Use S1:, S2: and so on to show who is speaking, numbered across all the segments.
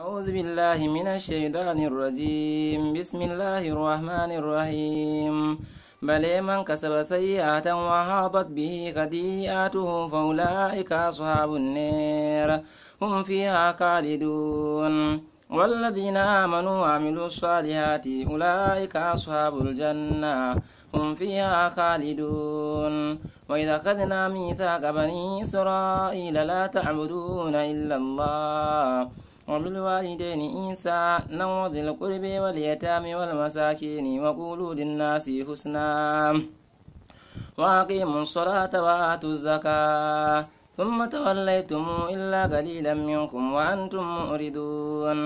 S1: أعوذ بالله من الشيطان الرجيم بسم الله الرحمن الرحيم بل من كسب سيئة وحاضت به خطيئته فأولئك أصحاب النار هم فيها خالدون والذين آمنوا وعملوا الصالحات أولئك أصحاب الجنة هم فيها خالدون وإذا أخذنا ميثاق بني إسرائيل لا تعبدون إلا الله وبالوالدين إحسانا نوض القرب واليتام والمساكين وقولوا للناس حسنا وأقيموا الصلاة وآتوا الزكاة ثم توليتم إلا قليلا منكم وأنتم مؤردون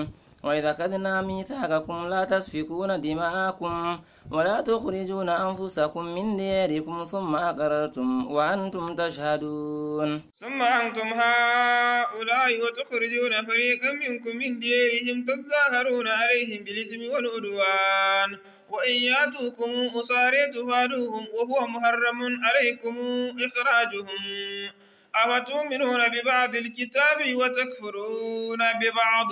S1: وإذا أخذنا ميثاقكم لا تسفكون دماءكم ولا تخرجون أنفسكم من دياركم ثم أقررتم وأنتم تشهدون
S2: ثم أنتم هؤلاء وتخرجون فريقا منكم من ديارهم تظاهرون عليهم بالإثم والعدوان وإن ياتوكم أساري تفادوهم وهو محرم عليكم إخراجهم أفتؤمنون ببعض الكتاب وتكفرون ببعض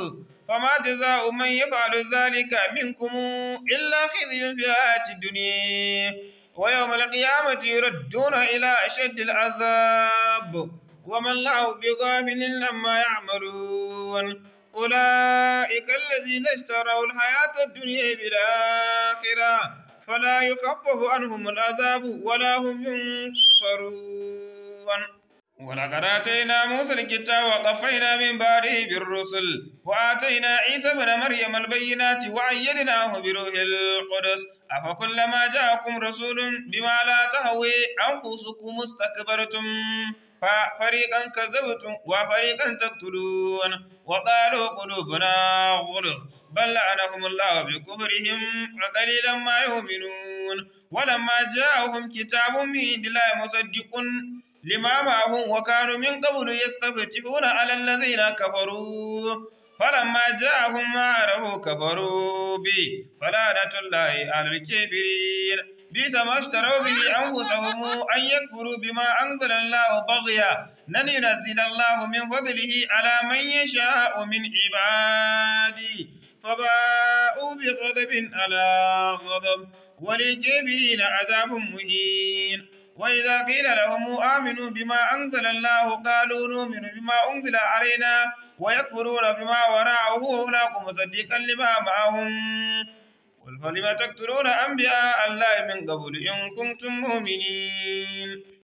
S2: فما جزاء من يفعل ذلك منكم إلا خزي في الحياة الدنيا ويوم القيامة يردون إلى أشد العذاب وما الله بغافل عما يعملون أولئك الذين اشتروا الحياة الدنيا بالآخرة فلا يخفف عنهم العذاب ولا هم ينصرون Walaƙa na ta ina Musa da ta kittawa a kafaina min ba da hebin rusul? Wa a ta ina Isa ba na Maryamar bai yi wa an hau biro ya lalura. A fakon lama za ku rasu don bima la ta hauwe. An kusa ku musu tsakbar tun. Fa fari kan kaza ba tun wa fari kan takta duwan. Wa ƙaruwa ku dogona hudu. Bello ana A ƙalilan ma yi humunu. Wala ma za a huma kitabun mu idan لما معهم وكانوا من قبل يستفتحون على الذين كفروا فلما جاءهم ما عرفوا كفروا به فلعنة الله على الكافرين بئس ما اشتروا به أنفسهم أن يكفروا بما أنزل الله بغيا لن ينزل الله من فضله على من يشاء من عباده فباءوا بغضب على غضب وللكافرين عذاب مهين وإذا قيل لهم آمنوا بما أنزل الله قالوا نؤمن بما أنزل علينا ويكفرون بما وراءه هناك مصدقا لما معهم قل فلم تكفرون أنبياء الله من قبل إن كنتم مؤمنين